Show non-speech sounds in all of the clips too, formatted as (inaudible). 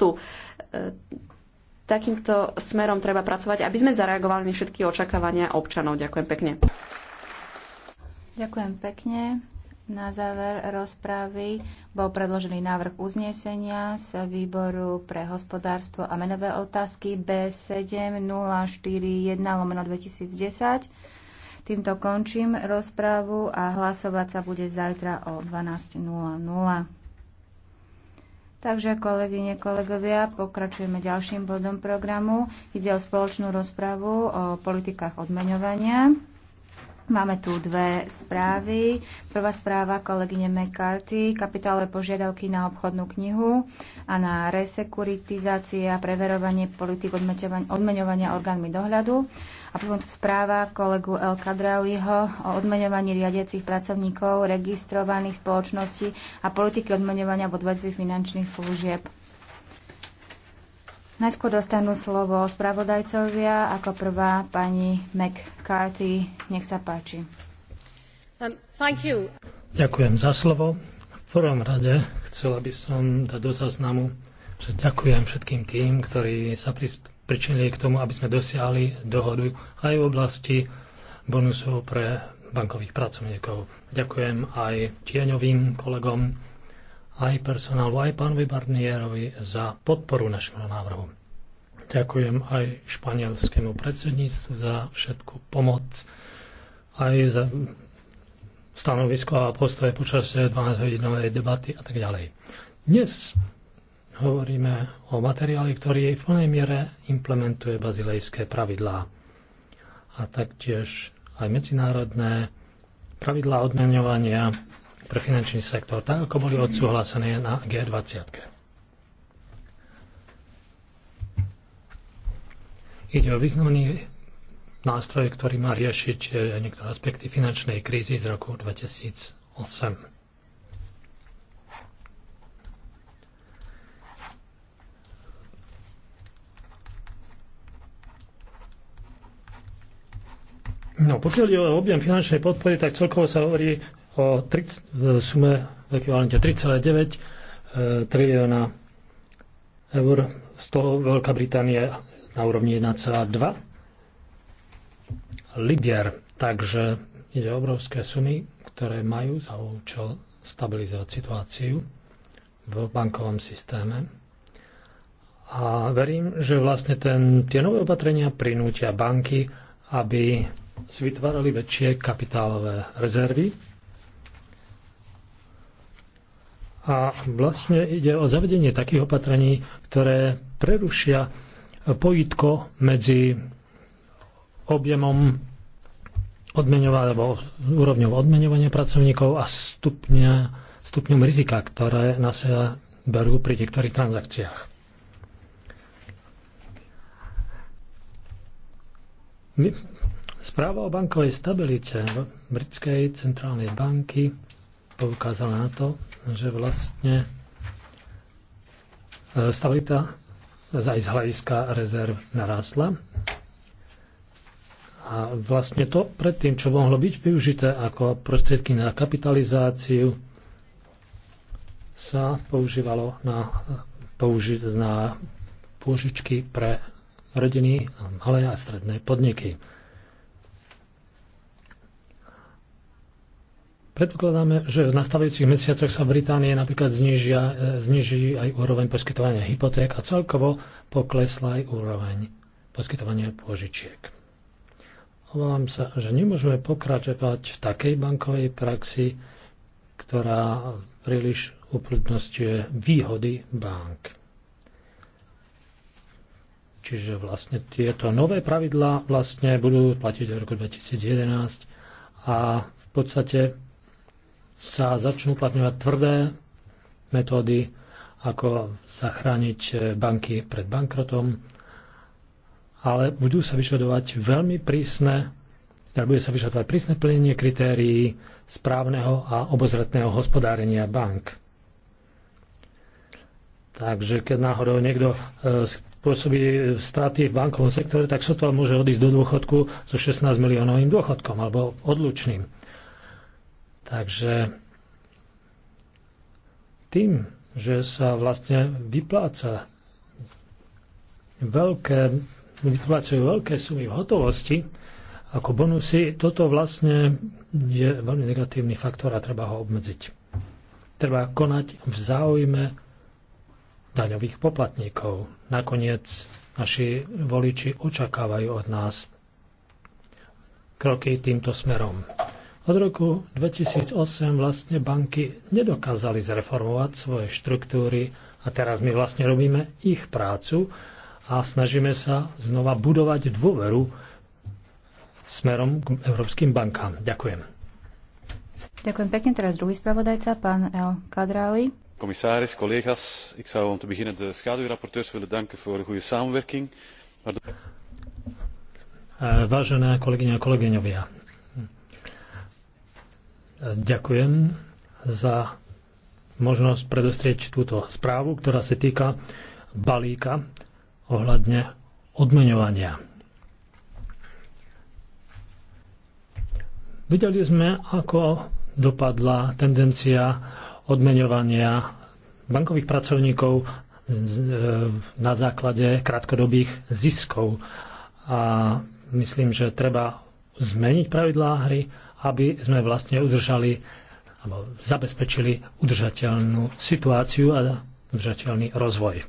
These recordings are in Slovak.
cestu. E, takýmto smerom treba pracovať, aby sme zareagovali na všetky očakávania občanov. Ďakujem pekne. Ďakujem pekne. Na záver rozprávy bol predložený návrh uznesenia z výboru pre hospodárstvo a menové otázky B7041 lomeno 2010. Týmto končím rozprávu a hlasovať sa bude zajtra o 12.00. Takže, kolegyne, kolegovia, pokračujeme ďalším bodom programu. Ide o spoločnú rozpravu o politikách odmeňovania. Máme tu dve správy. Prvá správa kolegyne McCarthy, kapitálové požiadavky na obchodnú knihu a na resekuritizácia a preverovanie politik odmeňovania orgánmi dohľadu. A potom tu správa kolegu El Kadrauiho o odmeňovaní riadiacich pracovníkov registrovaných spoločností a politiky odmeňovania v odvetvi finančných služieb. Najskôr dostanú slovo spravodajcovia, ako prvá pani McCarthy. Nech sa páči. Um, thank you. Ďakujem za slovo. V prvom rade chcela by som dať do záznamu, že ďakujem všetkým tým, ktorí sa prisp- pričinili k tomu, aby sme dosiahli dohodu aj v oblasti bonusov pre bankových pracovníkov. Ďakujem aj tieňovým kolegom, aj personálu, aj pánovi Barnierovi za podporu našeho návrhu. Ďakujem aj španielskému predsedníctvu za všetku pomoc, aj za stanovisko a postoje počas 12-hodinovej debaty a tak ďalej. Dnes hovoríme o materiáli, ktorý jej v plnej miere implementuje bazilejské pravidlá a taktiež aj medzinárodné pravidlá odmenovania pre finančný sektor, tak ako boli odsúhlasené na G20. Ide o významný nástroj, ktorý má riešiť eh, niektoré aspekty finančnej krízy z roku 2008. No, pokiaľ je o objem finančnej podpory, tak celkovo sa hovorí o 30, e, sume v ekvivalente 3,9 e, trilióna eur, z toho Veľká Británia na úrovni 1,2 libier. Takže ide o obrovské sumy, ktoré majú za účel stabilizovať situáciu v bankovom systéme. A verím, že vlastne ten, tie nové opatrenia prinútia banky, aby si vytvárali väčšie kapitálové rezervy. A vlastne ide o zavedenie takých opatrení, ktoré prerušia pojitko medzi objemom odmeňovania alebo úrovňou odmeňovania pracovníkov a stupňa, stupňom rizika, ktoré na seba berú pri niektorých transakciách. My Správa o bankovej stabilite Britskej centrálnej banky poukázala na to, že vlastne e, stabilita aj z hľadiska rezerv narásla. A vlastne to predtým, čo mohlo byť využité ako prostriedky na kapitalizáciu, sa používalo na, použi- na pôžičky pre rodiny, malé a stredné podniky. Predpokladáme, že v nastavujúcich mesiacoch sa Británie napríklad znižia, e, zniží aj úroveň poskytovania hypoték a celkovo poklesla aj úroveň poskytovania požičiek. Obávam sa, že nemôžeme pokračovať v takej bankovej praxi, ktorá príliš uprednostňuje výhody bank. Čiže vlastne tieto nové pravidlá vlastne budú platiť v roku 2011 a v podstate sa začnú uplatňovať tvrdé metódy, ako zachrániť eh, banky pred bankrotom, ale budú sa vyžadovať veľmi prísne, teda bude sa vyžadovať prísne plnenie kritérií správneho a obozretného hospodárenia bank. Takže keď náhodou niekto eh, spôsobí straty v bankovom sektore, tak sotva môže odísť do dôchodku so 16 miliónovým dôchodkom alebo odlučným. Takže tým, že sa vlastne vypláca veľké, vyplácajú veľké sumy v hotovosti ako bonusy, toto vlastne je veľmi negatívny faktor a treba ho obmedziť. Treba konať v záujme daňových poplatníkov. Nakoniec naši voliči očakávajú od nás kroky týmto smerom. Od roku 2008 vlastne banky nedokázali zreformovať svoje štruktúry a teraz my vlastne robíme ich prácu a snažíme sa znova budovať dôveru smerom k európskym bankám. Ďakujem. Ďakujem pekne. Teraz druhý spravodajca, pán El Kadrali. Komisáris, kolegas, ik zou om te beginnen de schaduwrapporteurs willen danken voor de goede samenwerking. Eh, vážené kolegyne a kolegyňovia, Ďakujem za možnosť predostrieť túto správu, ktorá sa týka balíka ohľadne odmeňovania. Videli sme, ako dopadla tendencia odmeňovania bankových pracovníkov e, na základe krátkodobých ziskov. A myslím, že treba zmeniť pravidlá hry aby sme vlastne udržali alebo zabezpečili udržateľnú situáciu a udržateľný rozvoj.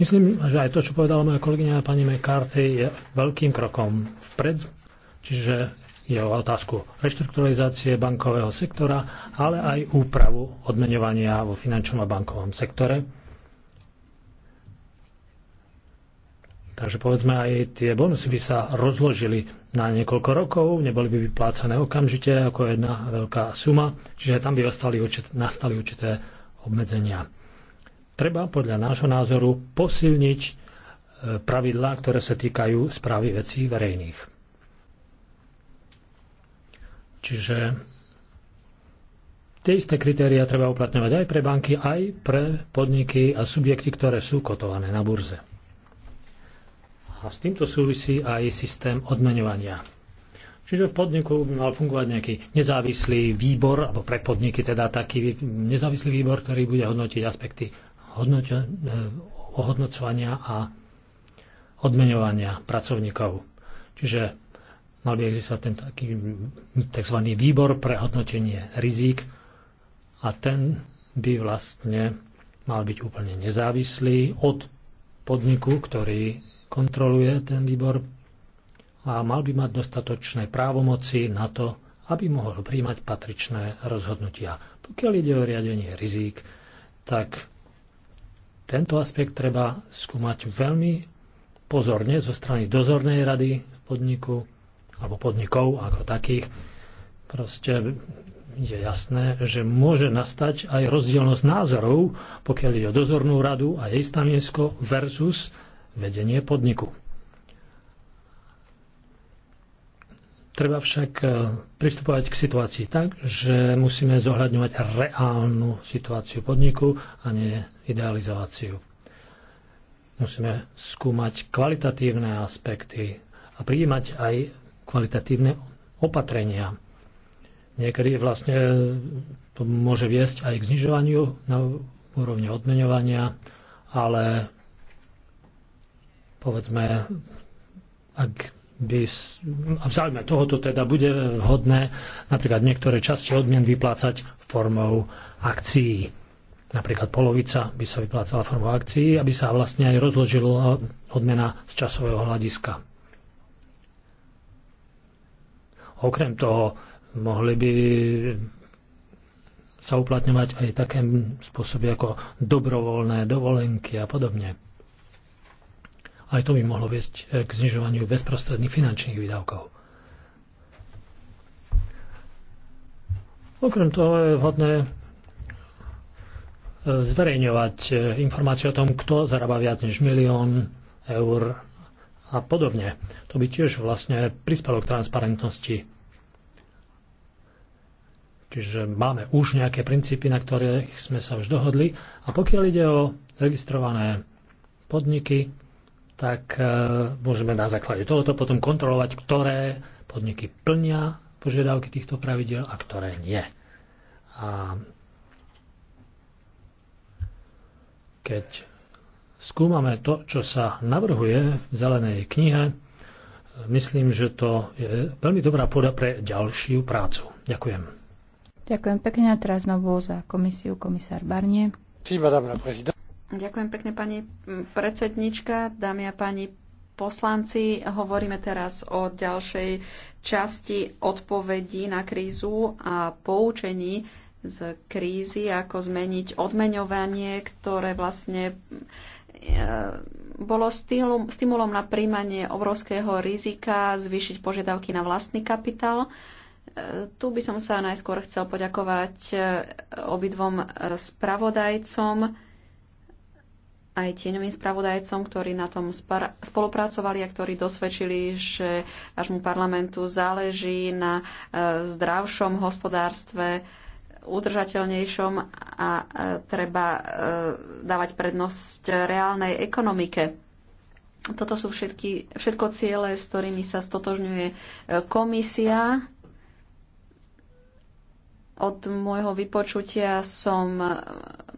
Myslím, že aj to, čo povedala moja kolegyňa pani McCarthy, je veľkým krokom vpred, čiže je o otázku reštrukturalizácie bankového sektora, ale aj úpravu odmeňovania vo finančnom a bankovom sektore. Takže povedzme aj tie bonusy by sa rozložili na niekoľko rokov, neboli by vyplácané okamžite ako jedna veľká suma, čiže tam by ostali, nastali určité obmedzenia. Treba podľa nášho názoru posilniť e, pravidlá, ktoré sa týkajú správy vecí verejných. Čiže tie isté kritéria treba uplatňovať aj pre banky, aj pre podniky a subjekty, ktoré sú kotované na burze. A s týmto súvisí aj systém odmeňovania. Čiže v podniku by mal fungovať nejaký nezávislý výbor, alebo pre podniky teda taký nezávislý výbor, ktorý bude hodnotiť aspekty hodnotia, eh, ohodnocovania a odmeňovania pracovníkov. Čiže mal by existovať ten taký tzv. výbor pre hodnotenie rizík a ten by vlastne mal byť úplne nezávislý od podniku, ktorý kontroluje ten výbor a mal by mať dostatočné právomoci na to, aby mohol príjmať patričné rozhodnutia. Pokiaľ ide o riadenie rizík, tak tento aspekt treba skúmať veľmi pozorne zo strany dozornej rady podniku alebo podnikov ako takých. Proste je jasné, že môže nastať aj rozdielnosť názorov, pokiaľ ide o dozornú radu a jej stanovisko versus vedenie podniku. Treba však e, pristupovať k situácii tak, že musíme zohľadňovať reálnu situáciu podniku a nie idealizáciu. Musíme skúmať kvalitatívne aspekty a prijímať aj kvalitatívne opatrenia. Niekedy vlastne e, to môže viesť aj k znižovaniu na úrovni odmeňovania, ale povedzme, ak by a v záujme tohoto teda bude hodné napríklad niektoré časti odmien vyplácať formou akcií. Napríklad polovica by sa vyplácala formou akcií, aby sa vlastne aj rozložila odmena z časového hľadiska. Okrem toho mohli by sa uplatňovať aj také spôsoby ako dobrovoľné dovolenky a podobne. Aj to by mohlo viesť eh, k znižovaniu bezprostredných finančných výdavkov. Okrem toho je vhodné eh, zverejňovať eh, informácie o tom, kto zarába viac než milión eur a podobne. To by tiež vlastne prispelo k transparentnosti. Čiže máme už nejaké princípy, na ktorých sme sa už dohodli. A pokiaľ ide o registrované podniky, tak e, môžeme na základe tohoto potom kontrolovať, ktoré podniky plnia požiadavky týchto pravidel a ktoré nie. A keď skúmame to, čo sa navrhuje v zelenej knihe, myslím, že to je veľmi dobrá pôda pre ďalšiu prácu. Ďakujem. Ďakujem pekne a teraz znovu za komisiu komisár Barnie. Sí, madame la Ďakujem pekne, pani predsednička, dámy a páni poslanci. Hovoríme teraz o ďalšej časti odpovedí na krízu a poučení z krízy, ako zmeniť odmeňovanie, ktoré vlastne e, bolo stimulom na príjmanie obrovského rizika, zvýšiť požiadavky na vlastný kapitál. E, tu by som sa najskôr chcel poďakovať e, obidvom spravodajcom aj tieňovým spravodajcom, ktorí na tom spolupracovali a ktorí dosvedčili, že vášmu parlamentu záleží na e, zdravšom hospodárstve, udržateľnejšom a e, treba e, dávať prednosť reálnej ekonomike. Toto sú všetky, všetko ciele, s ktorými sa stotožňuje komisia. Od môjho vypočutia som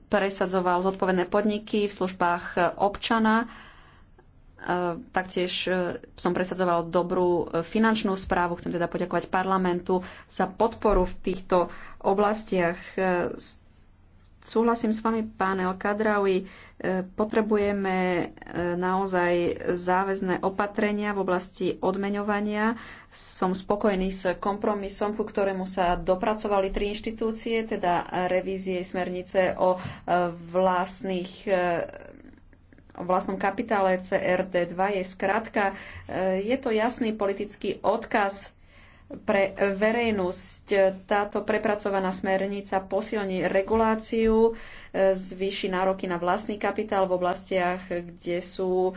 presadzoval zodpovedné podniky v službách občana. E, taktiež e, som presadzoval dobrú e, finančnú správu. Chcem teda poďakovať parlamentu za podporu v týchto oblastiach. Súhlasím s vami, pán El Kadraui. E, potrebujeme e, naozaj záväzné opatrenia v oblasti odmeňovania. Som spokojný s kompromisom, ku ktorému sa dopracovali tri inštitúcie, teda revízie smernice o e, vlastných o vlastnom kapitále CRD2 je skratka. Je to jasný politický odkaz pre verejnosť. Táto prepracovaná smernica posilní reguláciu, e, zvýši nároky na vlastný kapitál v oblastiach, kde sú e,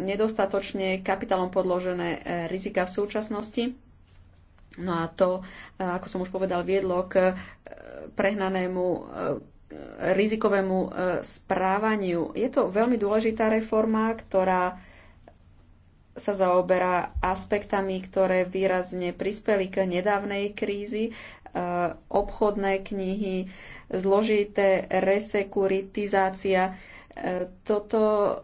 nedostatočne kapitálom podložené e, rizika v súčasnosti. No a to, ako som už povedal, viedlo k prehnanému rizikovému správaniu. Je to veľmi dôležitá reforma, ktorá sa zaoberá aspektami, ktoré výrazne prispeli k nedávnej krízi. E, obchodné knihy, zložité resekuritizácia. E, toto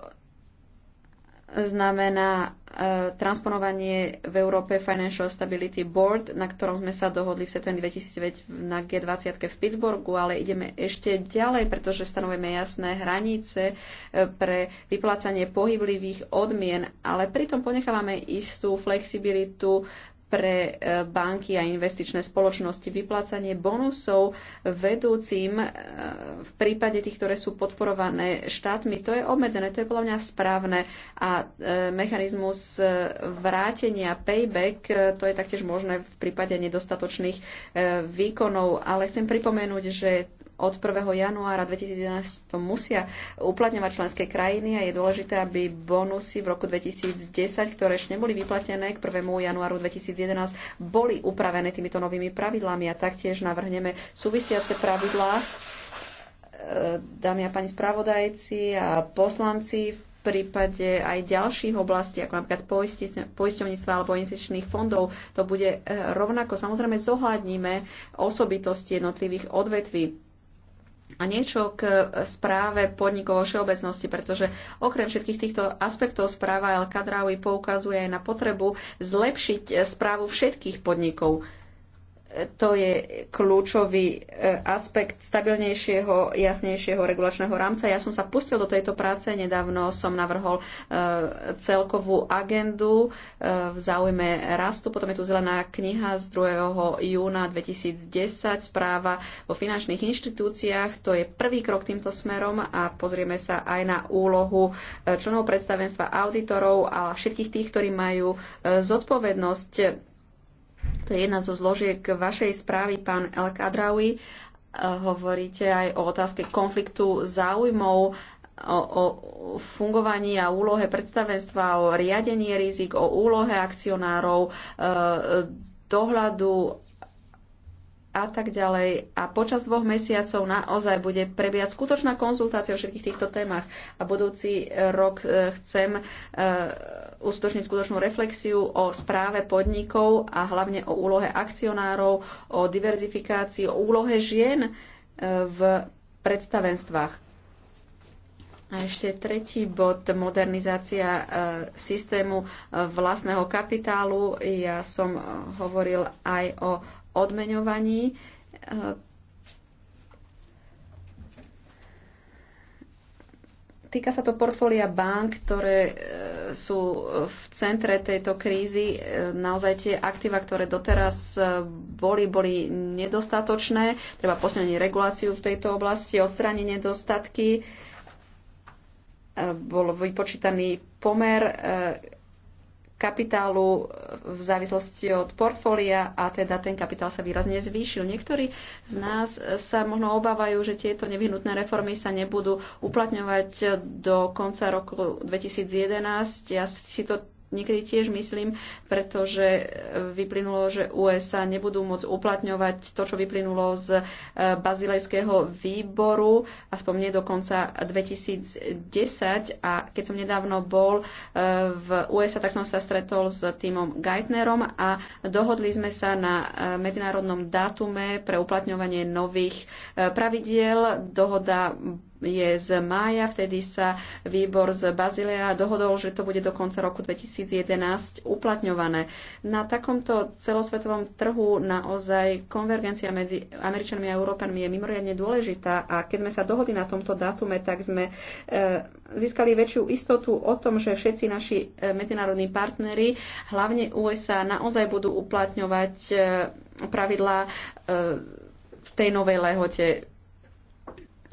znamená Eh, transponovanie v Európe Financial Stability Board, na ktorom sme sa dohodli v septembri 2009 na G20 v Pittsburghu, ale ideme ešte ďalej, pretože stanovujeme jasné hranice eh, pre vyplácanie pohyblivých odmien, ale pritom ponechávame istú flexibilitu pre e, banky a investičné spoločnosti vyplácanie bonusov vedúcim e, v prípade tých, ktoré sú podporované štátmi. To je obmedzené, to je podľa mňa správne a e, mechanizmus vrátenia payback to je taktiež možné v prípade nedostatočných výkonov, ale chcem pripomenúť, že od 1. januára 2011 to musia uplatňovať členské krajiny a je dôležité, aby bonusy v roku 2010, ktoré ešte neboli vyplatené k 1. januáru 2011, boli upravené týmito novými pravidlami a taktiež navrhneme súvisiace pravidlá e, dámy a pani spravodajci a poslanci v prípade aj ďalších oblastí, ako napríklad poisťovníctva alebo investičných fondov, to bude e, rovnako. Samozrejme zohľadníme osobitosti jednotlivých odvetví. A niečo k správe podnikov o všeobecnosti, pretože okrem všetkých týchto aspektov správa El Kadrawi poukazuje aj na potrebu zlepšiť správu všetkých podnikov to je kľúčový e, aspekt stabilnejšieho, jasnejšieho regulačného rámca. Ja som sa pustil do tejto práce, nedávno som navrhol e, celkovú agendu e, v záujme rastu. Potom je tu zelená kniha z 2. júna 2010, správa o finančných inštitúciách. To je prvý krok týmto smerom a pozrieme sa aj na úlohu členov predstavenstva auditorov a všetkých tých, ktorí majú zodpovednosť to je jedna zo zložiek vašej správy, pán El Kadraui. E, hovoríte aj o otázke konfliktu záujmov, o, o fungovaní a úlohe predstavenstva, o riadení rizik, o úlohe akcionárov, e, dohľadu a tak ďalej. A počas dvoch mesiacov naozaj bude prebiehať skutočná konzultácia o všetkých týchto témach. A budúci e, rok e, chcem e, uskutočniť skutočnú reflexiu o správe podnikov a hlavne o úlohe akcionárov, o diverzifikácii, o úlohe žien v predstavenstvách. A ešte tretí bod, modernizácia systému vlastného kapitálu. Ja som hovoril aj o odmeňovaní. E, týka sa to portfólia bank, ktoré e, sú v centre tejto krízy. E, naozaj tie aktíva, ktoré doteraz boli, boli nedostatočné. Treba posilniť reguláciu v tejto oblasti, odstrániť nedostatky. Bol vypočítaný pomer kapitálu e, v závislosti od portfólia a teda ten kapitál sa výrazne zvýšil. Niektorí z nás e, sa možno obávajú, že tieto nevyhnutné reformy sa nebudú uplatňovať do konca roku 2011. Ja si to niekedy tiež myslím, pretože e, vyplynulo, že USA nebudú môcť uplatňovať to, čo vyplynulo z e, bazilejského výboru, aspoň nie do konca 2010. A keď som nedávno bol e, v USA, tak som sa stretol s týmom Geithnerom a dohodli sme sa na medzinárodnom dátume pre uplatňovanie nových pravidiel. Dohoda je z mája, vtedy sa výbor z Bazilea dohodol, že to bude do konca roku 2011 uplatňované. Na takomto celosvetovom trhu naozaj konvergencia medzi Američanmi a Európanmi je mimoriadne dôležitá a keď sme sa dohodli na tomto datume, tak sme e, získali väčšiu istotu o tom, že všetci naši e, medzinárodní partnery, hlavne USA, naozaj budú uplatňovať e, pravidlá v tej novej lehote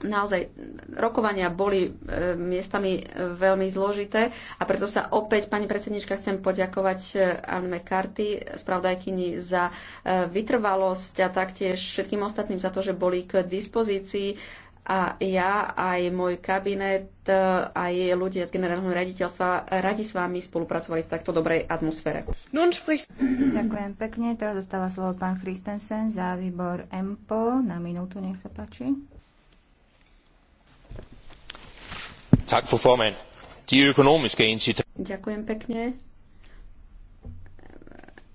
naozaj rokovania boli e, miestami e, veľmi zložité a preto sa opäť, pani predsednička, chcem poďakovať e, Anne McCarthy, spravodajkyni za e, vytrvalosť a taktiež všetkým ostatným za to, že boli k dispozícii a ja, aj môj kabinet, e, aj ľudia z generálneho raditeľstva radi s vami spolupracovali v takto dobrej atmosfére. Ďakujem pekne. Teraz dostáva slovo pán Christensen za výbor MPO. Na minútu, nech sa páči. Ďakujem pekne.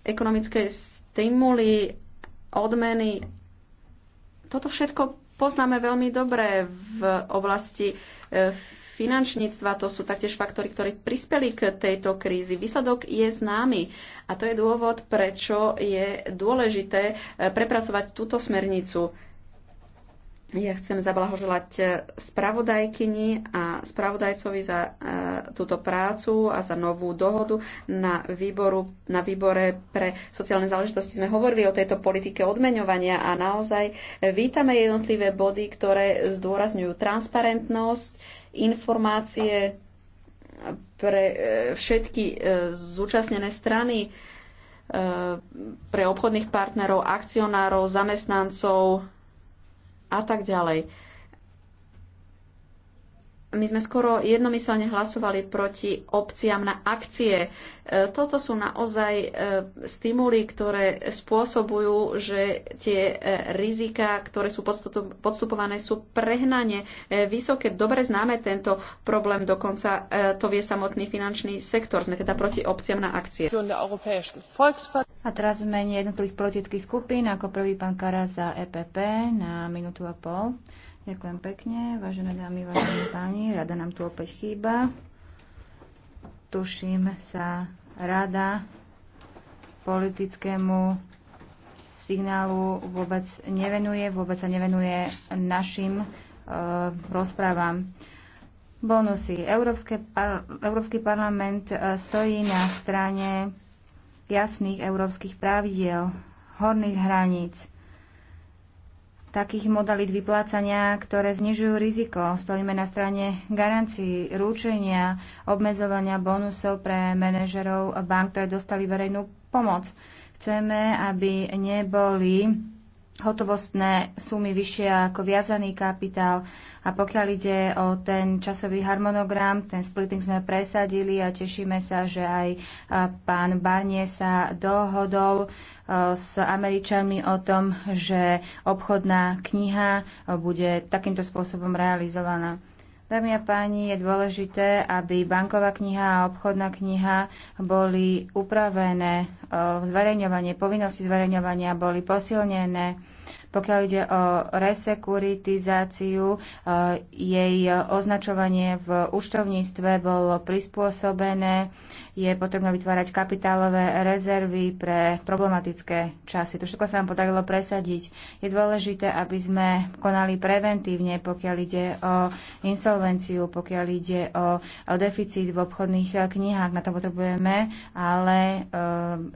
Ekonomické stimuly, odmeny, toto všetko poznáme veľmi dobre v oblasti e, finančníctva. To sú taktiež faktory, ktorí prispeli k tejto krízi. Výsledok je známy a to je dôvod, prečo je dôležité e, prepracovať túto smernicu ja chcem zablahoželať eh, spravodajkyni a spravodajcovi za eh, túto prácu a za novú dohodu. Na, výboru, na výbore pre sociálne záležitosti sme hovorili o tejto politike odmeňovania a naozaj eh, vítame jednotlivé body, ktoré zdôrazňujú transparentnosť, informácie pre všetky zúčastnené strany, pre obchodných partnerov, akcionárov, zamestnancov, a tak ďalej. My sme skoro jednomyselne hlasovali proti opciám na akcie. E, toto sú naozaj e, stimuly, ktoré spôsobujú, že tie e, rizika, ktoré sú podstupované, sú prehnane vysoké. Dobre známe tento problém, dokonca to vie samotný finančný sektor. Sme teda proti opciám na akcie. A teraz v mene jednotlivých politických skupín, ako prvý pán Kara za EPP na minútu a pol. Ďakujem pekne, vážené dámy, vážení páni, rada nám tu opäť chýba. Tuším sa rada politickému signálu vôbec nevenuje, vôbec sa nevenuje našim e, rozprávam. Bonusy. Európske par- Európsky parlament e, stojí na strane jasných európskych pravidiel, horných hraníc, takých modalít vyplácania, ktoré znižujú riziko. Stojíme na strane garancií, rúčenia, obmedzovania bonusov pre manažerov bank, ktoré dostali verejnú pomoc. Chceme, aby neboli hotovostné sumy vyššie ako viazaný kapitál. A pokiaľ ide o ten časový harmonogram, ten splitting sme presadili a tešíme sa, že aj pán Barnie sa dohodol s Američanmi o tom, že obchodná kniha bude takýmto spôsobom realizovaná. Dámy a páni, je dôležité, aby banková kniha a obchodná kniha boli upravené, zverejňovanie, povinnosti zverejňovania boli posilnené pokiaľ ide o resekuritizáciu, e, jej označovanie v účtovníctve bolo prispôsobené. Je potrebné vytvárať kapitálové rezervy pre problematické časy. To všetko sa nám podarilo presadiť. Je dôležité, aby sme konali preventívne, pokiaľ ide o insolvenciu, pokiaľ ide o, o deficit v obchodných knihách. Na to potrebujeme, ale e,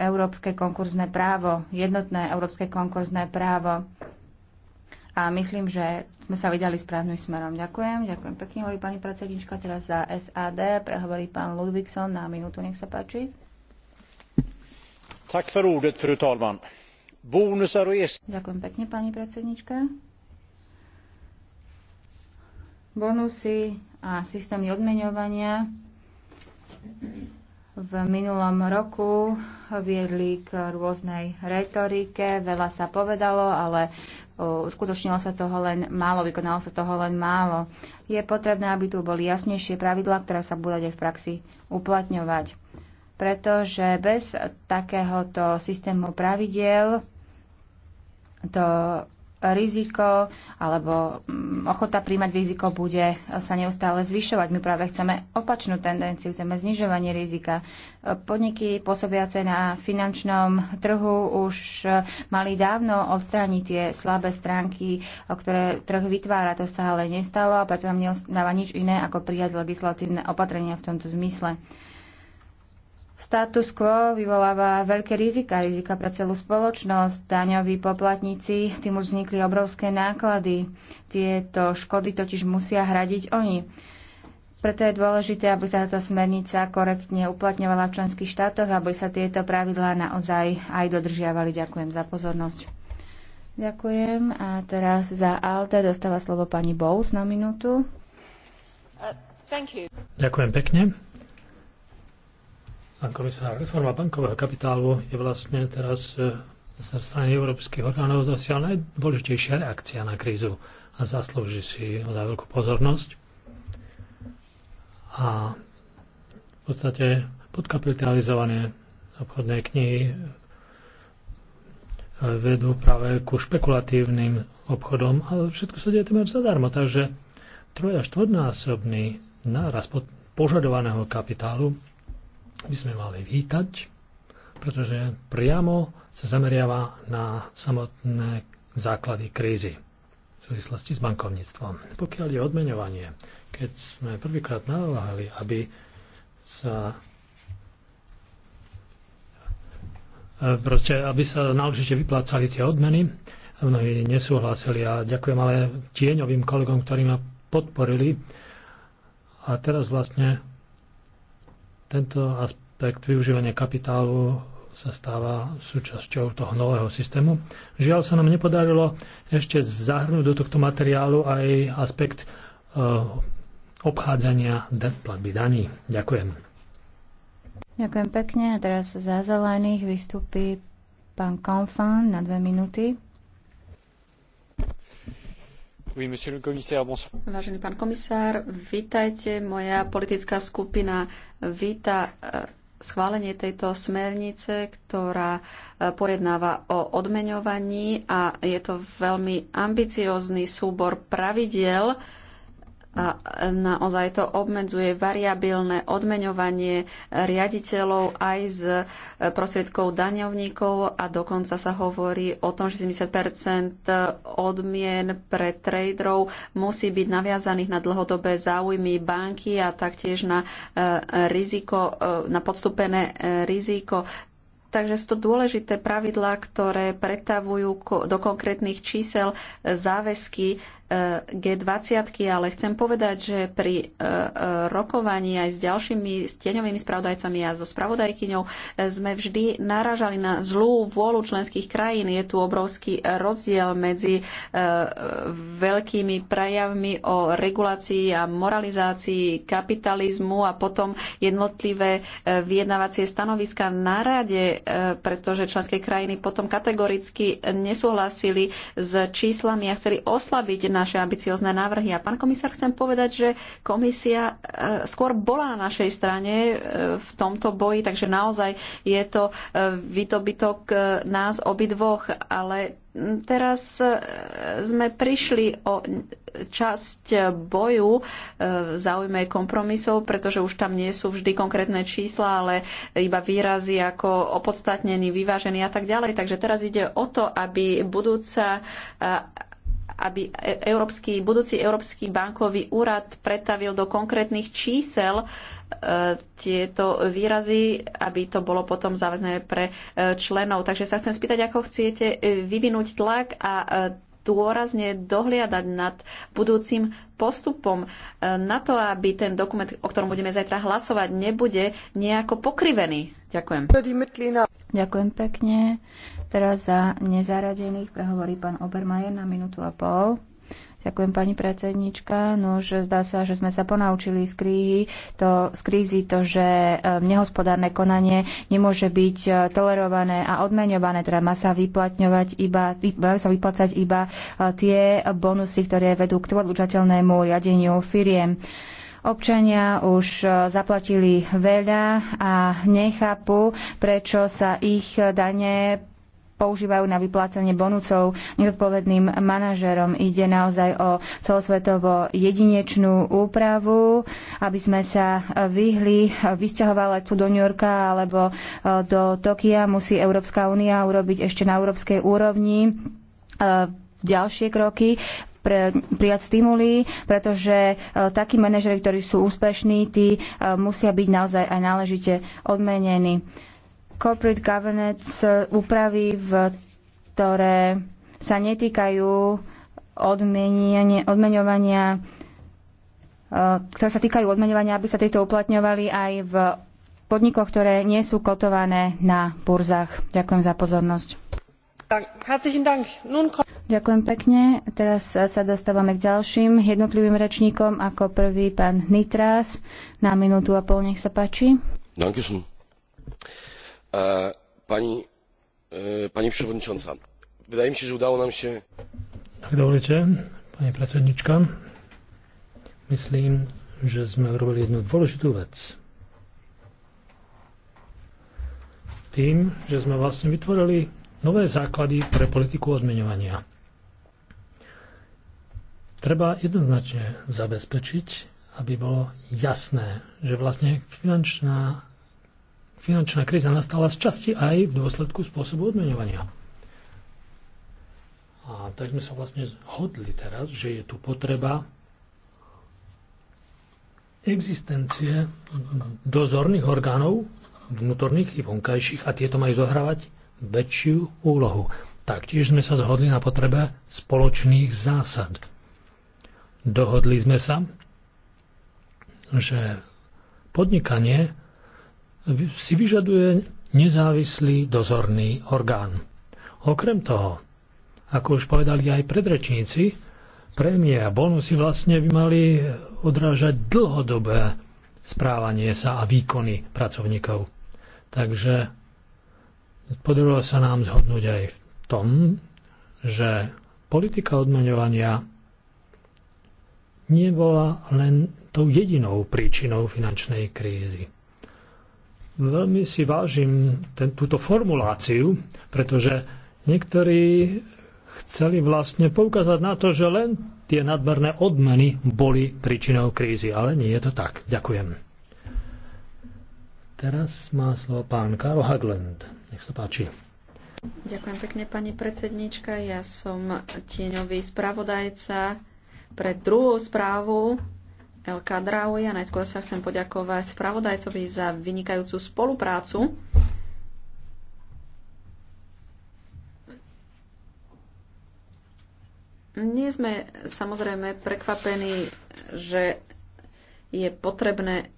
európske konkurzné právo, jednotné európske konkurzné právo a myslím, že sme sa vydali správnym smerom. Ďakujem, ďakujem pekne, hovorí pani predsednička, teraz za SAD, prehovorí pán Ludvíkson na minútu, nech sa páči. Tak for ordet, fru talman. Bonusar och Ďakujem pekne, pani predsednička. Bonusy a systémy odmeňovania v minulom roku viedli k rôznej retorike, veľa sa povedalo, ale skutočnilo sa toho len málo, vykonalo sa toho len málo. Je potrebné, aby tu boli jasnejšie pravidlá, ktoré sa budú aj v praxi uplatňovať. Pretože bez takéhoto systému pravidiel to riziko alebo mm, ochota príjmať riziko bude sa neustále zvyšovať. My práve chceme opačnú tendenciu, chceme znižovanie rizika. Podniky pôsobiace na finančnom trhu už e, mali dávno odstrániť tie slabé stránky, ktoré trh vytvára. To sa ale nestalo a preto nám neostáva nič iné, ako prijať legislatívne opatrenia v tomto zmysle. Status quo vyvoláva veľké rizika, rizika pre celú spoločnosť. Daňoví poplatníci, tým už vznikli obrovské náklady. Tieto škody totiž musia hradiť oni. Preto je dôležité, aby sa táto smernica korektne uplatňovala v členských štátoch, aby sa tieto pravidlá naozaj aj dodržiavali. Ďakujem za pozornosť. Ďakujem. A teraz za ALTE dostáva slovo pani Bous na minútu. Uh, Ďakujem pekne pán komisár, reforma bankového kapitálu je vlastne teraz sa e, strany európskych orgánov dosiaľ najdôležitejšia reakcia na krízu a zaslúži si za veľkú pozornosť. A v podstate podkapitalizované obchodné knihy e, vedú práve ku špekulatívnym obchodom ale všetko sa deje temer zadarmo. Takže troj- a štvornásobný náraz požadovaného kapitálu by sme mali vítať, pretože priamo sa zameriava na samotné základy krízy v súvislosti s bankovníctvom. Pokiaľ je odmeňovanie, keď sme prvýkrát naváhali aby sa proste, aby sa náležite vyplácali tie odmeny. Mnohí nesúhlasili a ďakujem ale tieňovým kolegom, ktorí ma podporili. A teraz vlastne tento aspekt využívania kapitálu sa stáva súčasťou toho nového systému. Žiaľ sa nám nepodarilo ešte zahrnúť do tohto materiálu aj aspekt e, obchádzania platby daní. Ďakujem. Ďakujem pekne. A teraz za zelených vystúpi pán Konfan na dve minúty. Vážený pán komisár, vítajte. Moja politická skupina víta eh, schválenie tejto smernice, ktorá eh, pojednáva o odmeňovaní a je to veľmi ambiciózny súbor pravidiel, a naozaj to obmedzuje variabilné odmeňovanie riaditeľov aj z prostriedkov daňovníkov a dokonca sa hovorí o tom, že 70 odmien pre traderov musí byť naviazaných na dlhodobé záujmy banky a taktiež na e, riziko, e, na podstupené e, riziko. Takže sú to dôležité pravidlá, ktoré pretavujú do konkrétnych čísel záväzky G20, ale chcem povedať, že pri e, e, rokovaní aj s ďalšími stieňovými spravodajcami a so spravodajkyňou e, sme vždy naražali na zlú vôľu členských krajín. Je tu obrovský rozdiel medzi veľkými prejavmi o regulácii a moralizácii kapitalizmu a potom jednotlivé vyjednávacie stanoviska na rade, pretože členské krajiny potom kategoricky nesúhlasili s číslami a chceli oslabiť naše ambiciozne návrhy. A pán komisár, chcem povedať, že komisia e, skôr bola na našej strane e, v tomto boji, takže naozaj je to e, vytobytok nás obidvoch, ale teraz sme prišli o časť boju v záujme kompromisov, pretože už tam nie sú vždy konkrétne čísla, ale iba výrazy ako opodstatnený, vyvážený a tak ďalej. Takže teraz ide o to, aby budúca aby e, európsky, budúci Európsky bankový úrad pretavil do konkrétnych čísel e, tieto výrazy, aby to bolo potom záväzné pre e, členov. Takže sa chcem spýtať, ako chcete vyvinúť tlak a dôrazne dohliadať nad budúcim postupom na to, aby ten dokument, o ktorom budeme zajtra hlasovať, nebude nejako pokrivený. Ďakujem. Ďakujem pekne. Teraz za nezaradených prehovorí pán Obermajer na minútu a pol. Ďakujem, pani predsednička. Nož, zdá sa, že sme sa ponaučili z, kríhy, to, z krízy to, že e, nehospodárne konanie nemôže byť e, tolerované a odmeňované, teda má sa, vyplatňovať iba, má sa vyplacať iba e, tie bonusy, ktoré vedú k tvorúčateľnému riadeniu firiem občania už zaplatili veľa a nechápu, prečo sa ich dane používajú na vyplácanie bonusov nezodpovedným manažerom. Ide naozaj o celosvetovo jedinečnú úpravu, aby sme sa vyhli vysťahovať tu do New Yorka alebo e, do Tokia. Musí Európska únia urobiť ešte na európskej úrovni e, ďalšie kroky, pre, prijať stimuly, pretože e, takí manažery, ktorí sú úspešní, tí musia byť naozaj aj náležite odmenení corporate governance e, úpravy, v ktoré sa netýkajú odmeňovania e, ktoré sa týkajú odmeňovania, aby sa tieto uplatňovali aj v podnikoch, ktoré nie sú kotované na burzách. Ďakujem za pozornosť. Ďakujem pekne. Teraz sa dostávame k ďalším jednotlivým rečníkom. Ako prvý pán Nitras na minútu a pol, nech sa páči. Ďakujem. E, pani, przewodnicząca, wydaje mi się, że udało nam się... Ak dovolíte, pani predsednička, myslím, že sme robili jednu dôležitú vec. Tým, že sme vlastne vytvorili nové základy pre politiku odmeňovania. Treba jednoznačne zabezpečiť, aby bolo jasné, že vlastne finančná finančná kríza nastala z časti aj v dôsledku spôsobu odmenovania. A tak sme sa vlastne zhodli teraz, že je tu potreba existencie dozorných orgánov, vnútorných i vonkajších, a tieto majú zohrávať väčšiu úlohu. Taktiež sme sa zhodli na potrebe spoločných zásad. Dohodli sme sa, že podnikanie si vyžaduje nezávislý dozorný orgán. Okrem toho, ako už povedali aj predrečníci, prémie a bonusy vlastne by mali odrážať dlhodobé správanie sa a výkony pracovníkov. Takže podarilo sa nám zhodnúť aj v tom, že politika odmaňovania nebola len tou jedinou príčinou finančnej krízy. Veľmi si vážim ten, túto formuláciu, pretože niektorí chceli vlastne poukázať na to, že len tie nadmerné odmeny boli príčinou krízy, ale nie je to tak. Ďakujem. Teraz má slovo pán Karl Hagland. Nech sa páči. Ďakujem pekne, pani predsednička. Ja som tieňový spravodajca pre druhú správu El Kadraoui a najskôr sa chcem poďakovať spravodajcovi za vynikajúcu spoluprácu. Nie sme samozrejme prekvapení, že je potrebné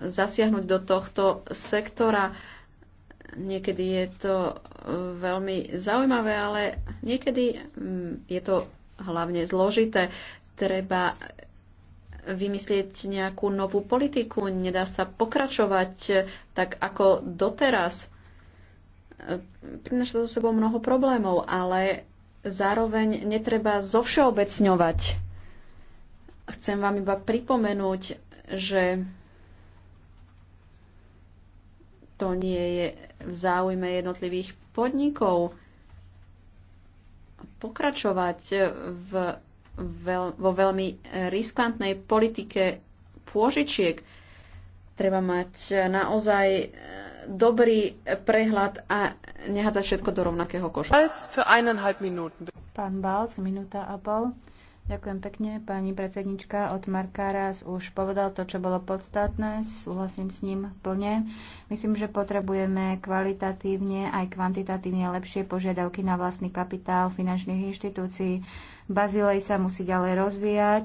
zasiahnuť do tohto sektora. Niekedy je to e, veľmi zaujímavé, ale niekedy mm, je to hlavne zložité. Treba vymyslieť nejakú novú politiku, nedá sa pokračovať tak ako doteraz. Prináša to so sebou mnoho problémov, ale zároveň netreba zovšeobecňovať. Chcem vám iba pripomenúť, že to nie je v záujme jednotlivých podnikov pokračovať v veľ, vo veľmi e, riskantnej politike pôžičiek. Treba mať e, naozaj e, dobrý prehľad a nehádzať všetko do rovnakého koša. Pán Balc, minúta a pol. Ďakujem pekne. Pani predsednička od Markáras už povedal to, čo bolo podstatné. Súhlasím s ním plne. Myslím, že potrebujeme kvalitatívne aj kvantitatívne lepšie požiadavky na vlastný kapitál finančných inštitúcií Bazilej sa musí ďalej rozvíjať,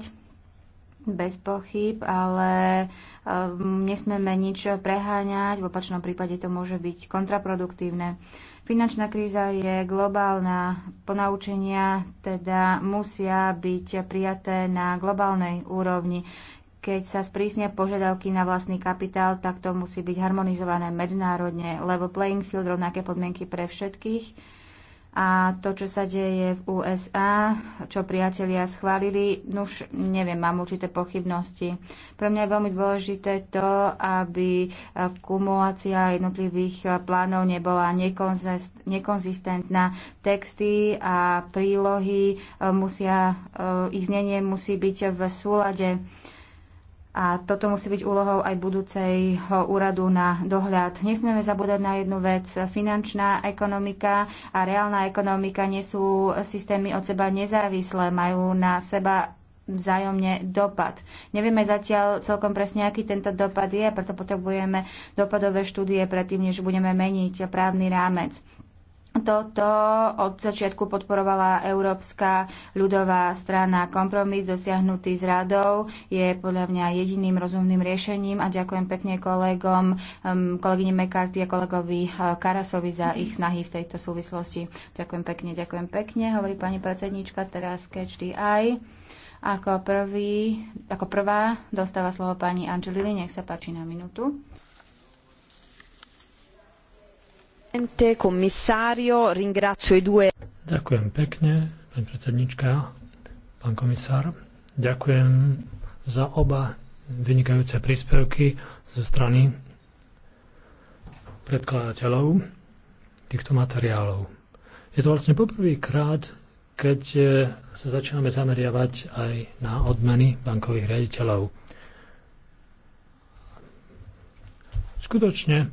bez pochyb, ale ehm, nesmeme nič preháňať, v opačnom prípade to môže byť kontraproduktívne. Finančná kríza je globálna, ponaučenia teda musia byť prijaté na globálnej úrovni. Keď sa sprísne požiadavky na vlastný kapitál, tak to musí byť harmonizované medzinárodne, lebo playing field rovnaké podmienky pre všetkých a to, čo sa deje v USA, čo priatelia schválili, už neviem, mám určité pochybnosti. Pre mňa je veľmi dôležité to, aby kumulácia jednotlivých plánov nebola nekonzistentná. Texty a prílohy eh, musia, eh, ich znenie musí byť v súlade a toto musí byť úlohou aj budúceho úradu na dohľad. Nesmieme zabúdať na jednu vec. Finančná ekonomika a reálna ekonomika nie sú systémy od seba nezávislé, majú na seba vzájomne dopad. Nevieme zatiaľ celkom presne, aký tento dopad je, preto potrebujeme dopadové štúdie predtým, než budeme meniť právny rámec. Toto od začiatku podporovala Európska ľudová strana. Kompromis dosiahnutý s radou je podľa mňa jediným rozumným riešením a ďakujem pekne kolegom, um, kolegyne McCarthy a kolegovi uh, Karasovi za ich snahy v tejto súvislosti. Ďakujem pekne, ďakujem pekne, hovorí pani predsednička, teraz catch the eye. Ako, prvý, ako prvá dostáva slovo pani Angelili, nech sa páči na minútu. Ďakujem pekne, pani predsednička, pán komisár. Ďakujem za oba vynikajúce príspevky zo strany predkladateľov týchto materiálov. Je to vlastne poprvýkrát, keď eh, sa začíname zameriavať aj na odmeny bankových riaditeľov. Skutočne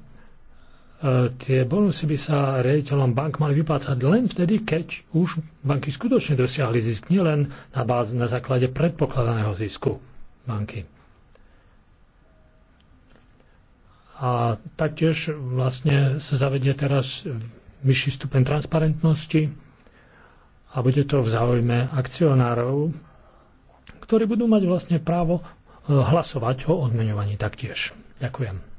Eh, tie bonusy by sa rejiteľom bank mali vyplácať len vtedy, keď už banky skutočne dosiahli zisk, nielen na, báze, na základe predpokladaného zisku banky. A taktiež vlastne sa zavedie teraz vyšší stupeň transparentnosti a bude to v záujme akcionárov, ktorí budú mať vlastne právo eh, hlasovať o odmenovaní taktiež. Ďakujem.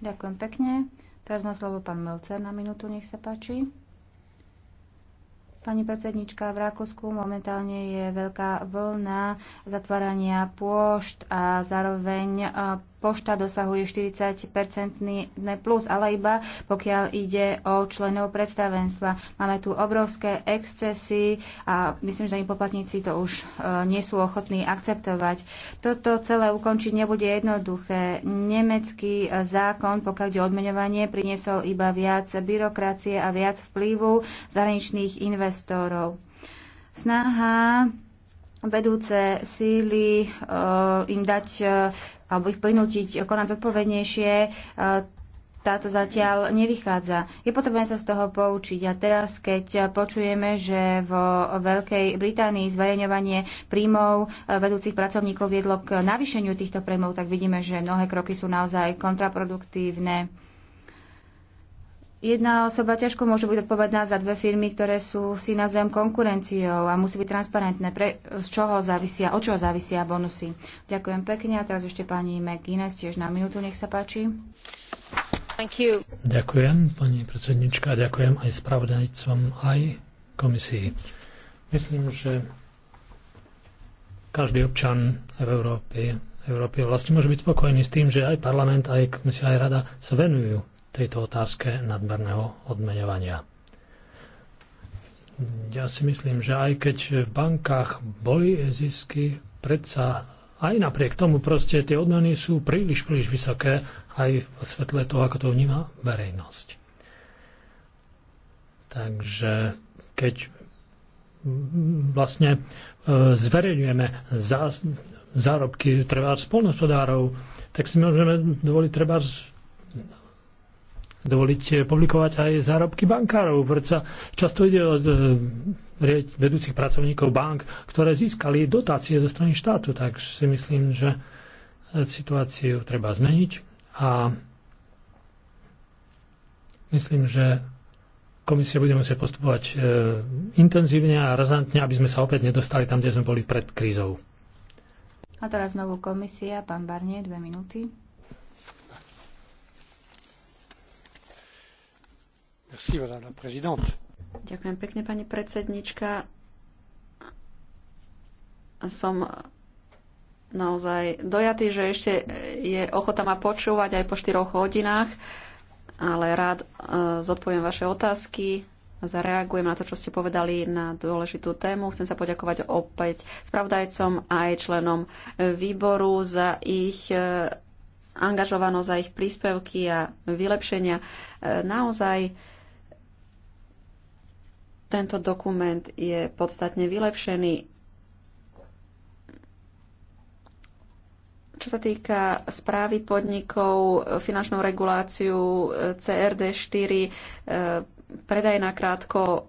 Ďakujem pekne. Teraz má slovo pán Melcer na minútu, nech sa páči. Pani predsednička, v Rakúsku momentálne je veľká vlna zatvárania pôšt a zároveň eh, pošta dosahuje 40-percentný plus, ale iba pokiaľ ide o členov predstavenstva. Máme tu obrovské excesy a myslím, že ani poplatníci to už e, nie sú ochotní akceptovať. Toto celé ukončiť nebude jednoduché. Nemecký e, zákon, pokiaľ ide odmeňovanie, priniesol iba viac byrokracie a viac vplyvu zahraničných investorov. Snaha vedúce síly e, im dať alebo ich prinútiť konať zodpovednejšie, e, táto zatiaľ nevychádza. Je potrebné sa z toho poučiť. A teraz, keď počujeme, že vo Veľkej Británii zverejňovanie príjmov e, vedúcich pracovníkov viedlo k navýšeniu týchto príjmov, tak vidíme, že mnohé kroky sú naozaj kontraproduktívne. Jedna osoba ťažko môže byť odpovedná za dve firmy, ktoré sú si na zem konkurenciou a musí byť transparentné, pre, z čoho závisia, od čoho závisia bonusy. Ďakujem pekne a teraz ešte pani McGuinness tiež na minútu, nech sa páči. Thank you. Ďakujem, pani predsednička, ďakujem aj spravodajcom, aj komisii. Myslím, že každý občan v Európe, Európe vlastne môže byť spokojný s tým, že aj parlament, aj komisia, aj rada sa venujú tejto otázke nadmerného odmeňovania. Ja si myslím, že aj keď v bankách boli zisky, predsa aj napriek tomu proste tie odmeny sú príliš, príliš vysoké aj v svetle toho, ako to vníma verejnosť. Takže keď vlastne e, zverejňujeme zárobky trvárs polnospodárov, tak si môžeme dovoliť trvárs dovoliť eh, publikovať aj zárobky bankárov, Vrca často ide od eh, vedúcich pracovníkov bank, ktoré získali dotácie zo strany štátu, Takže si myslím, že eh, situáciu treba zmeniť a myslím, že komisia bude musieť postupovať intenzívne a razantne, aby sme sa opäť nedostali tam, kde sme boli pred krízou. A teraz znovu komisia, pán Barnie, dve minúty. Ďakujem pekne, pani predsednička. Som naozaj dojatý, že ešte je ochota ma počúvať aj po 4 hodinách, ale rád e, zodpoviem vaše otázky a zareagujem na to, čo ste povedali na dôležitú tému. Chcem sa poďakovať opäť spravodajcom aj členom výboru za ich e, angažovanosť, za ich príspevky a vylepšenia. E, naozaj tento dokument je podstatne vylepšený. Čo sa týka správy podnikov, finančnú reguláciu CRD4, e, predaj na krátko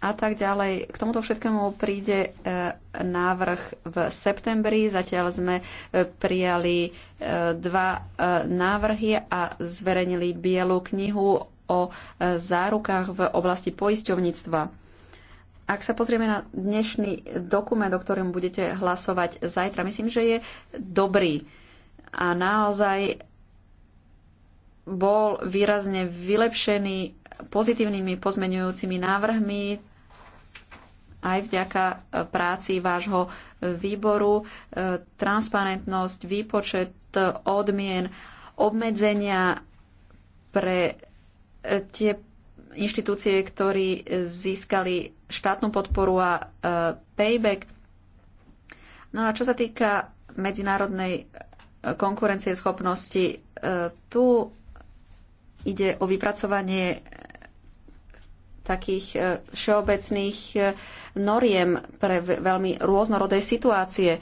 a tak ďalej. K tomuto všetkému príde e, návrh v septembri. Zatiaľ sme e, prijali dva návrhy a zverejnili bielu knihu o e, zárukách v oblasti poisťovníctva. Ak sa pozrieme na dnešný dokument, o ktorom budete hlasovať zajtra, myslím, že je dobrý a naozaj bol výrazne vylepšený pozitívnymi pozmenujúcimi návrhmi aj vďaka e, práci vášho výboru. E, transparentnosť, výpočet odmien, obmedzenia pre E, tie inštitúcie, ktorí získali štátnu podporu a e, payback. No a čo sa týka medzinárodnej e, konkurencie schopnosti, tu ide o vypracovanie takých všeobecných noriem pre veľmi rôznorodej situácie.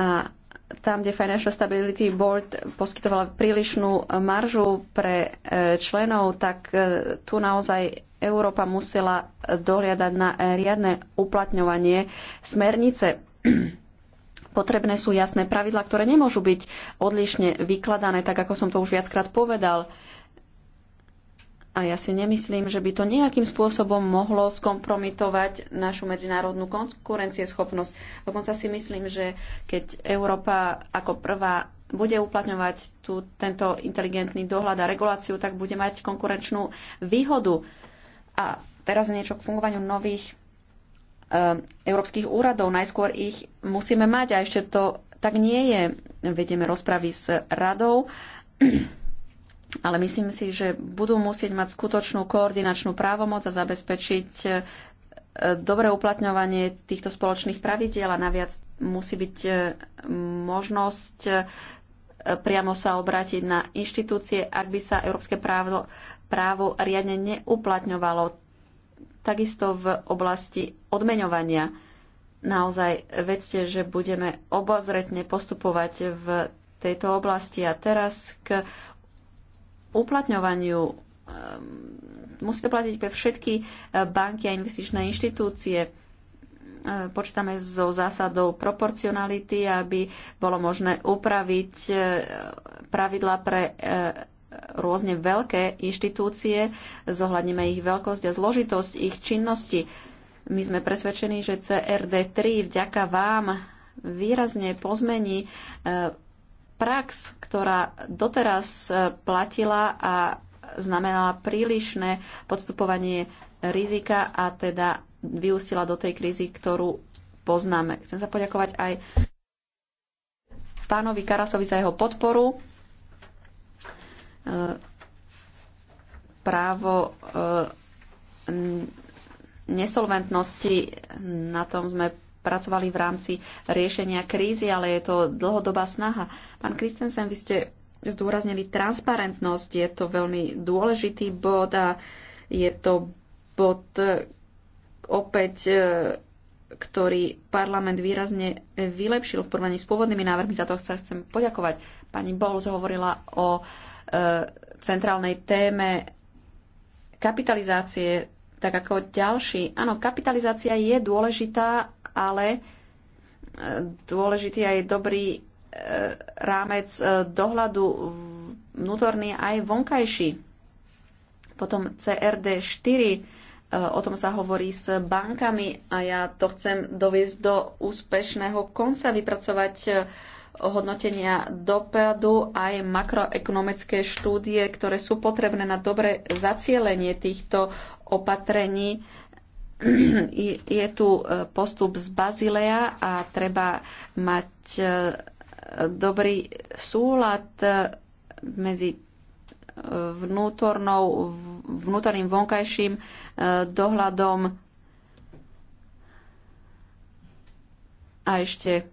A tam, kde Financial Stability Board poskytovala prílišnú maržu pre e, členov, tak e, tu naozaj Európa musela dohliadať na e, riadne uplatňovanie smernice. (clears throat) Potrebné sú jasné pravidla, ktoré nemôžu byť odlišne vykladané, tak ako som to už viackrát povedal. A ja si nemyslím, že by to nejakým spôsobom mohlo skompromitovať našu medzinárodnú konkurencieschopnosť. Dokonca si myslím, že keď Európa ako prvá bude uplatňovať tú, tento inteligentný dohľad a reguláciu, tak bude mať konkurenčnú výhodu. A teraz niečo k fungovaniu nových e, európskych úradov. Najskôr ich musíme mať a ešte to tak nie je. Vedieme rozpravy s radou (clears throat) ale myslím si, že budú musieť mať skutočnú koordinačnú právomoc a zabezpečiť e, dobré uplatňovanie týchto spoločných pravidiel a naviac musí byť e, možnosť e, priamo sa obrátiť na inštitúcie, ak by sa európske právo, právo riadne neuplatňovalo. Takisto v oblasti odmeňovania. Naozaj vedzte, že budeme obozretne postupovať v tejto oblasti. A teraz k uplatňovaniu. Ehm, Musí to platiť pre všetky e, banky a investičné inštitúcie. E, počítame so zásadou proporcionality, aby bolo možné upraviť e, pravidla pre rôzne veľké inštitúcie, zohľadníme ich veľkosť a zložitosť ich činnosti. My sme presvedčení, že CRD3 vďaka vám výrazne pozmení prax, ktorá doteraz e, platila a znamenala prílišné podstupovanie rizika a teda vyústila do tej krízy, ktorú poznáme. Chcem sa poďakovať aj pánovi Karasovi za jeho podporu. E, právo e, nesolventnosti, na tom sme pracovali v rámci riešenia krízy, ale je to dlhodobá snaha. Pán Kristensen, vy ste zdôraznili transparentnosť, je to veľmi dôležitý bod a je to bod e, opäť e, ktorý parlament výrazne vylepšil v porovnaní s pôvodnými návrhmi. Za to sa chcem poďakovať. Pani Bowles hovorila o e, centrálnej téme kapitalizácie, tak ako ďalší. Áno, kapitalizácia je dôležitá, ale e, dôležitý aj dobrý e, rámec e, dohľadu vnútorný aj vonkajší. Potom CRD 4, o tom sa hovorí s bankami a ja to chcem doviesť do úspešného konca, vypracovať hodnotenia dopadu aj makroekonomické štúdie, ktoré sú potrebné na dobre zacielenie týchto opatrení je tu e, postup z Bazileja a treba mať e, dobrý súlad e, medzi vnútornou, vnútorným vonkajším dohľadom a ešte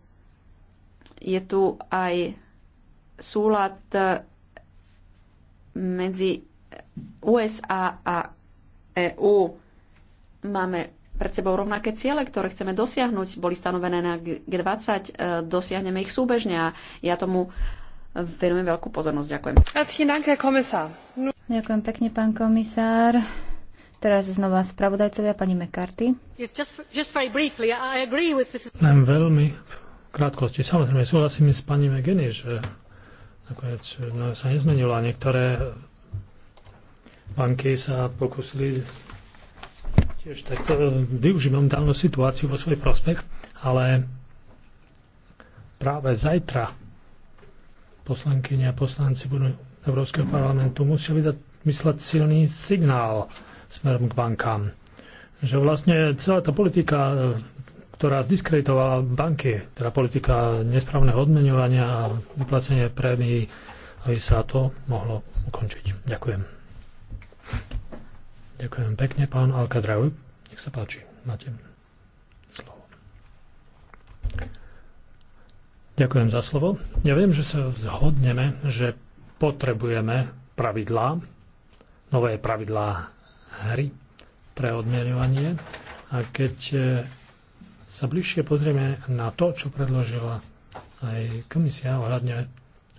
je tu aj súlad medzi USA a EU Máme pred sebou rovnaké ciele, ktoré chceme dosiahnuť, boli stanovené na G20, e, dosiahneme ich súbežne a ja tomu venujem veľkú pozornosť. Ďakujem. Ďakujem pekne, pán komisár. Teraz znova spravodajcovia pani McCarthy. Len veľmi v krátkosti. Samozrejme, súhlasím s pani McGinney, že nakoniec no, sa nezmenilo a niektoré banky sa pokusili tiež takto využívam momentálnu situáciu vo svoj prospech, ale práve zajtra poslankyne a poslanci budú Európskeho parlamentu musia vydať mysleť silný signál smerom k bankám. Že vlastne celá tá politika, ktorá zdiskreditovala banky, teda politika nesprávneho odmenovania a vyplacenie prémií, aby sa to mohlo ukončiť. Ďakujem. Ďakujem pekne, pán Alkadrauj. Nech sa páči, máte slovo. Ďakujem za slovo. Ja viem, že sa zhodneme, že potrebujeme pravidlá, nové pravidlá hry pre odmenovanie. A keď e, sa bližšie pozrieme na to, čo predložila aj komisia ohľadne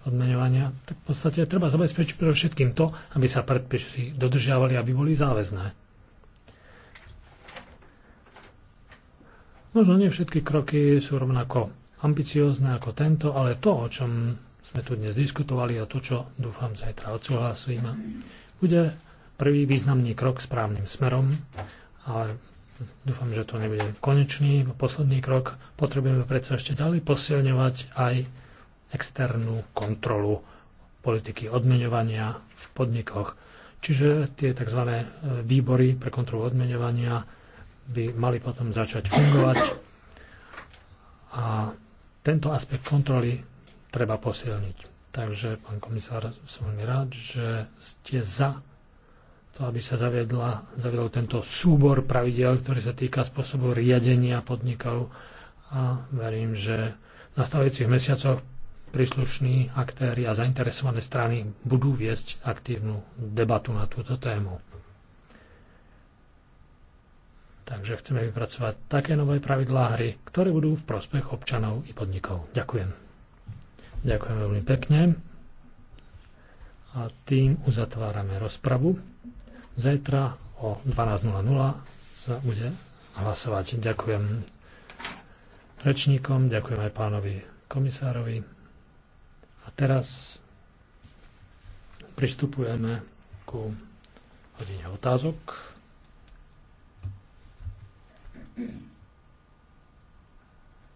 odmeňovania, tak v podstate treba zabezpečiť pre všetkým to, aby sa predpisy dodržiavali, aby boli záväzné. Možno nie všetky kroky sú rovnako ambiciózne ako tento, ale to, o čom sme tu dnes diskutovali a to, čo dúfam zajtra odsúhlasíme, bude prvý významný krok správnym smerom, ale dúfam, že to nebude konečný, posledný krok. Potrebujeme predsa ešte ďalej posilňovať aj externú kontrolu politiky odmeňovania v podnikoch. Čiže tie tzv. E, výbory pre kontrolu odmeňovania by mali potom začať fungovať a tento aspekt kontroly treba posilniť. Takže, pán komisár, som veľmi rád, že ste za to, aby sa zaviedla, zaviedol tento súbor pravidel, ktorý sa týka spôsobu riadenia podnikov a verím, že v nastavujúcich mesiacoch príslušní aktéry a zainteresované strany budú viesť aktívnu debatu na túto tému. Takže chceme vypracovať také nové pravidlá hry, ktoré budú v prospech občanov i podnikov. Ďakujem. Ďakujem veľmi pekne. A tým uzatvárame rozpravu. Zajtra o 12.00 sa bude hlasovať. Ďakujem rečníkom, ďakujem aj pánovi komisárovi. A teraz pristupujeme ku hodine otázok.